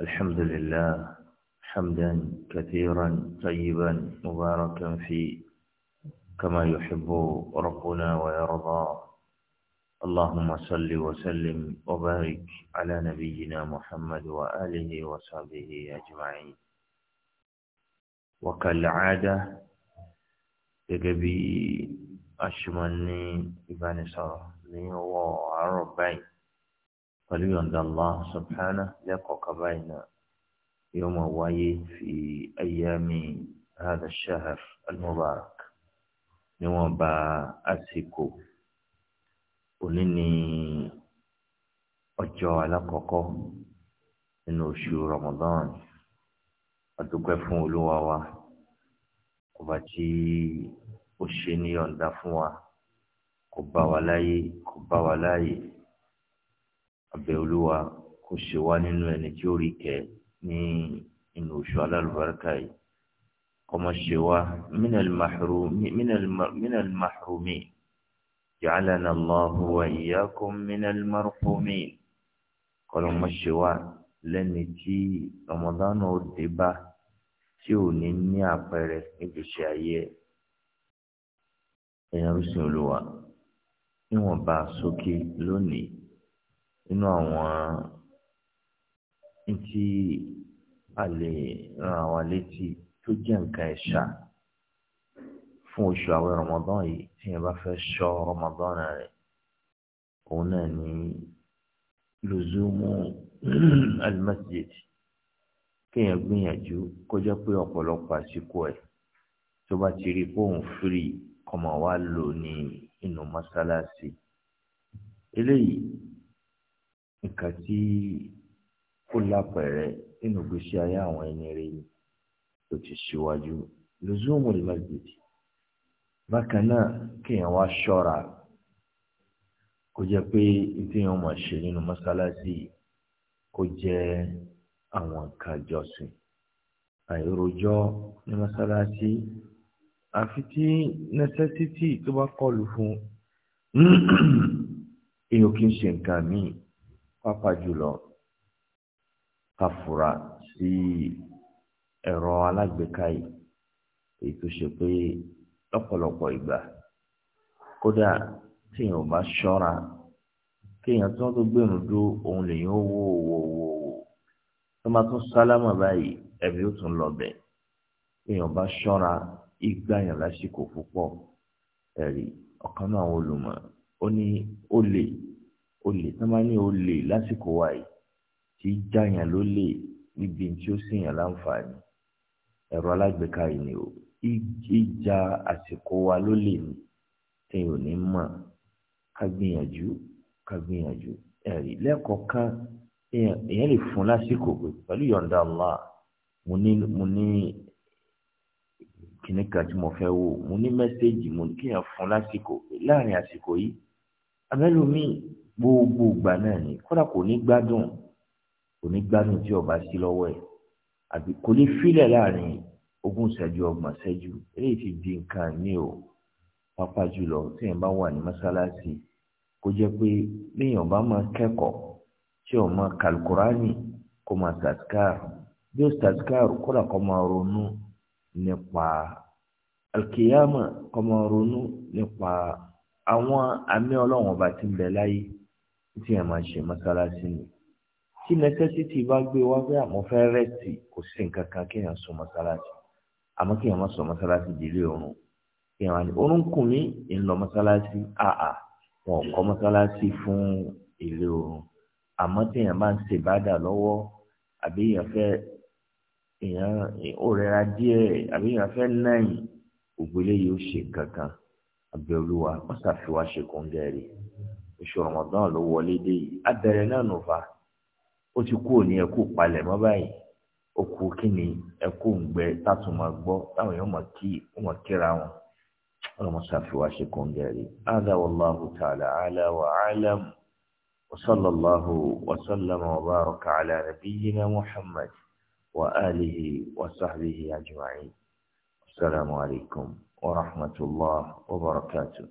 الحمد لله حمدا كثيرا طيبا مباركا فيه كما يحب ربنا ويرضى اللهم صل وسلم وبارك على نبينا محمد وآله وصحبه أجمعين وكالعادة gẹ́gẹ́ أشمني aṣímọ̀ ní ìbánisọ̀rọ̀ ní pẹ̀lú yọ̀ǹda Allah subhanahu lẹ́kọ̀ọ́ kaba iná yóò máa wáyé fi ayami hada shahar al-mubarak níwọ̀n bá àsìkò òní ní ọjọ́ alákọ̀ọ́kọ́ nínú oṣù Ramadan adúpẹ́ fún olúwa wa ọba tí ó ṣe ní fún wa kò bá wa láyé kò bá wa láyé abẹ́ olúwa kò ṣe wá nínú ẹni tí ó rí kẹ́ ní inú oṣù alálùbáríkà yìí kọ́mọ ṣe wá minal mahrumi ja'alana Allahu wa iyyakum minal marhumi kọ́lọ́mọ ṣe wá lẹ́ni tí ọmọdánù ó dé bá tí ò ní ní àpẹẹrẹ níbi ìṣe ayé ẹ̀yàn rúṣin olúwa níwọ̀nba sókè lónìí nínú àwọn tí a lè ran wa létí tó jẹ́ nǹkan ẹ̀ṣà fún oṣù àwẹ̀ Ramadan yìí tí yẹn bá fẹ́ ṣọ́ Ramadan rẹ̀ òun náà ní lùzúmù al-masjid kéèyàn gbìyànjú kó jẹ́ pé ọ̀pọ̀lọpọ̀ àsìkò ẹ̀ tó bá ti rí fóun firi kọmọ wa lò ní inú mọ́sálásí eléyìí nǹkan tí kò lápẹẹrẹ nínú gbèsè ayé àwọn ẹni rẹ tó ti ṣíwájú lùzúmù masjid bákan náà kéèyàn wá ṣọ́ra kó jẹ́ pé ìtẹ̀yàn máa ṣe nínú mọ́sálásí kó jẹ́ àwọn nǹkan jọ́sìn àìròjọ́ ní mọ́sálásí àfi tí necessity tó bá kọlù fún èèyàn kì í ṣe nǹkan míì pàápàá jùlọ kafura fura sí ẹ̀rọ alágbèéká yìí èyí tó ṣe pé lọ́pọ̀lọpọ̀ ìgbà kódà téèyàn ò bá ṣọ́ra kéèyàn tó tó gbẹ̀rún dó òun lèyìn ó wò wò wò wò tó máa tún sálámà báyìí ẹ̀mí ó tún lọ bẹ̀ kéèyàn bá ṣọ́ra ìgbà yàn lásìkò púpọ̀ ẹ̀rí ọ̀kan náà àwọn olùmọ̀ ó ní ó lè olè tí wọ́n bá ní olè lásìkò wa yìí tí jáyàn ló lè níbi tí ó ṣèyàn láǹfààní ẹ̀rọ alágbèéká yìí ni o ìjà àsìkò wa ló lè ní tẹ̀yìn ò ní mọ̀ ká gbìyànjú ká gbìyànjú ẹ̀rí lẹ́ẹ̀kọ̀ọ̀kan èèyàn lè fún lásìkò pé pẹ̀lú yọ̀ǹda Allah mo ní mo ní kìnnì kan tí mo fẹ́ wò mo ní mẹ́sẹ́ẹ̀jì mo ní kéèyàn fún lásìkò láàrin àsìkò yìí abẹ́lómi gbogbo ìgbà náà ni kódà kò ní gbádùn kò ní gbádùn tí ọba sí lọ́wọ́ ẹ̀ àbí kò ní filẹ̀ láàrin ogún ìṣẹ́jú ọgbọ̀n ìṣẹ́jú eléyìí ti di nǹkan ní o pápá jùlọ tí èèyàn bá wà ní mọ́sálásí kó jẹ́ pé léèyàn bá máa kẹ́kọ̀ọ́ tí ò máa kàlùkùránì kó máa tàṣkàrù bí ó tàṣkàrù kódà kó máa ronú nípa alkiyama kó máa ronú nípa àwọn àmì ọlọ́run ọba tí ń bẹ láyé tí a máa ṣe mọ́sálásí ni tí necessity bá gbé wá pé àmọ́ fẹ́ rẹ́sì kò sí nǹkan kan kéèyàn sọ mọ́sálásí àmọ́ kéèyàn má sọ mọ́sálásí délé ọ̀run kéèyàn wá ní orúnkún mi ń lọ mọ́sálásí àà wọn ò kọ́ mọ́sálásí fún ilé ọ̀run àmọ́ téèyàn máa ń ṣe ìbádà lọ́wọ́ àbí èèyàn fẹ́ èèyàn ó díẹ̀ àbí èèyàn fẹ́ náyìn ògbélé yìí ó ṣe nǹkan kan àbẹ̀ wọ́n ṣàfihàn ṣe kóńgẹ́ oṣù Ramadan ló wọlé dé yìí abẹrẹ náà nù fa ó ti kú òní ẹkú palẹ̀ mọ́ báyìí ó kú kíni ẹkú ńgbẹ tátùn máa gbọ́ táwọn èèyàn máa kí wọn kíra wọn ọlọmọṣà fi wá ṣe kóńgẹrì ádá tààlà àlà wà وصلى الله وسلم وبارك على نبينا محمد وآله وصحبه أجمعين السلام عليكم ورحمة الله وبركاته